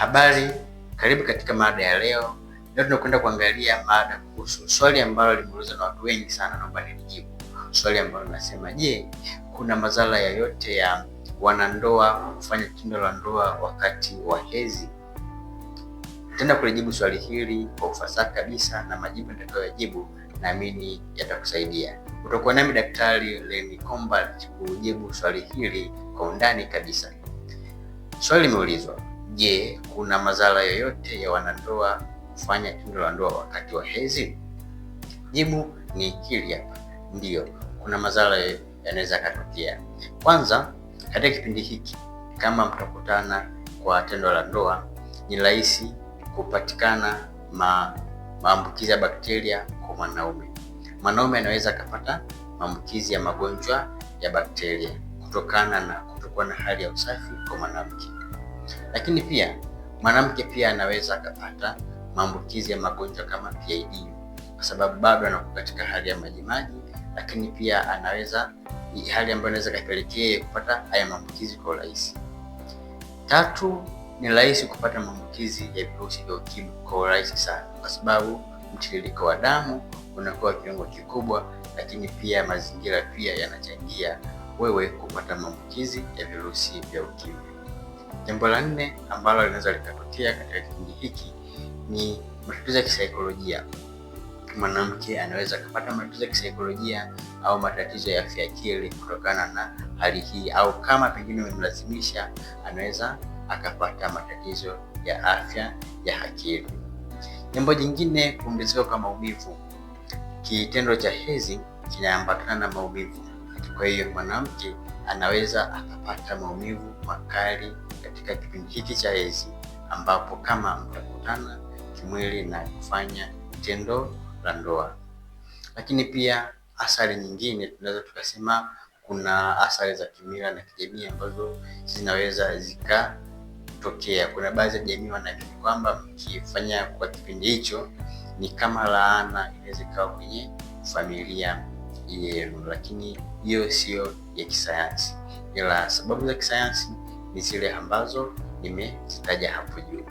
Habari, karibu katika mada ya leo. Leo tunakwenda kuangalia mada kuhusu swali ambalo limeulizwa na watu wengi sana, naomba nilijibu swali ambalo linasema, je, kuna madhara yoyote ya, ya wanandoa kufanya tendo la ndoa wakati wa hedhi? Tenda kulijibu swali hili kwa ufasaha kabisa, na majibu nitakayojibu naamini yatakusaidia. Utakuwa nami Daktari Lenny Combat kujibu swali hili kwa undani kabisa. Swali limeulizwa Je, kuna madhara yoyote ya wanandoa kufanya tendo la ndoa wakati wa hedhi? Jibu ni hili hapa, ndiyo, kuna madhara yanaweza katokea. Kwanza, katika kipindi hiki kama mtakutana kwa tendo la ndoa, ni rahisi kupatikana ma, maambukizi ya bakteria kwa mwanaume. Mwanaume anaweza akapata maambukizi ya magonjwa ya bakteria kutokana na kutokuwa na hali ya usafi kwa mwanamke lakini pia mwanamke pia anaweza akapata maambukizi ya magonjwa kama PID kwa sababu bado anakuwa katika hali ya majimaji, lakini pia anaweza hali ambayo inaweza kapelekea kupata haya maambukizi kwa urahisi. Tatu, ni rahisi kupata maambukizi ya virusi vya ukimwi kwa urahisi sana, kwa sababu mtiririko wa damu unakuwa kiwango kikubwa, lakini pia mazingira pia yanachangia wewe kupata maambukizi ya virusi vya ukimwi. Jambo la nne ambalo linaweza likatokea katika kipindi hiki ni matatizo ya kisaikolojia. Mwanamke anaweza akapata matatizo ya kisaikolojia au matatizo ya kiakili kutokana na hali hii, au kama pengine umemlazimisha, anaweza akapata matatizo ya afya ya akili. Jambo jingine, kuongezeka kwa maumivu. Kitendo cha hedhi kinaambatana na maumivu, kwa hiyo mwanamke anaweza akapata maumivu makali katika kipindi hiki cha hedhi, ambapo kama mtakutana kimwili na kufanya tendo la ndoa. Lakini pia athari nyingine tunaweza tukasema kuna athari za kimila na kijamii ambazo zinaweza zikatokea. Kuna baadhi ya jamii wanaamini kwamba mkifanya kwa kipindi hicho ni kama laana inaweza ikawa kwenye familia yenu, lakini hiyo siyo ya kisayansi, ila sababu za kisayansi ni zile ambazo nimezitaja hapo juu.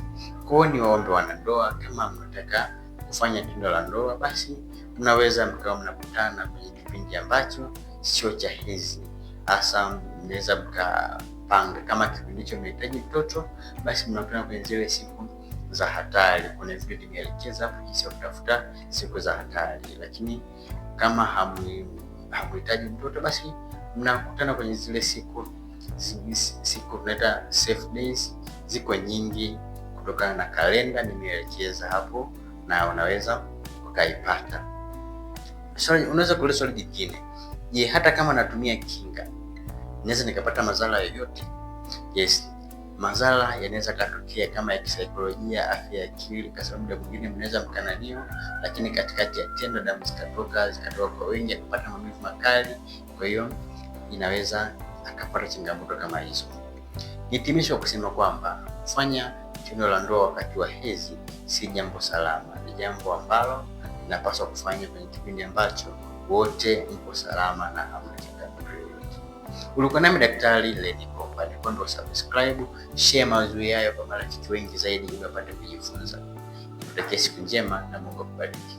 Kwa hiyo ni waombe wanandoa, kama mnataka kufanya tendo la ndoa, basi mnaweza mkawa mnakutana kwenye kipindi ambacho sio cha hedhi. Hasa mnaweza mkapanga kama kipindi hicho mnahitaji mtoto, basi mnakutana kwenye zile siku za hatari. Kuna vitu nimeelekeza hapo jinsi ya kutafuta siku za hatari, lakini kama hamhitaji mtoto, basi mnakutana kwenye zile siku siku tunaita safe days, ziko nyingi kutokana na kalenda nimeelekeza hapo, na unaweza ukaipata. Sorry, unaweza kuuliza swali jingine, je, hata kama natumia kinga naweza nikapata madhara yoyote? Yes, madhara yanaweza kutokea kama ya kisaikolojia, afya ya akili, kwa sababu muda mwingine mnaweza mkananiwa, lakini katikati ya tendo damu zikatoka zikatoka kwa wingi, akapata maumivu makali. Kwa hiyo inaweza akapata changamoto kama hizo. Nitimisho kusema kwamba kufanya tendo la ndoa wakati wa hezi si jambo salama, ni jambo ambalo linapaswa kufanywa kwenye kipindi ambacho wote mko salama na hamna changamoto yoyote. Ulikuwa nami Daktari Lenny upande wa subscribe, share mazuri hayo kwa marafiki wengi zaidi, ili wapate kujifunza. Nikutakia siku njema na Mungu akubariki.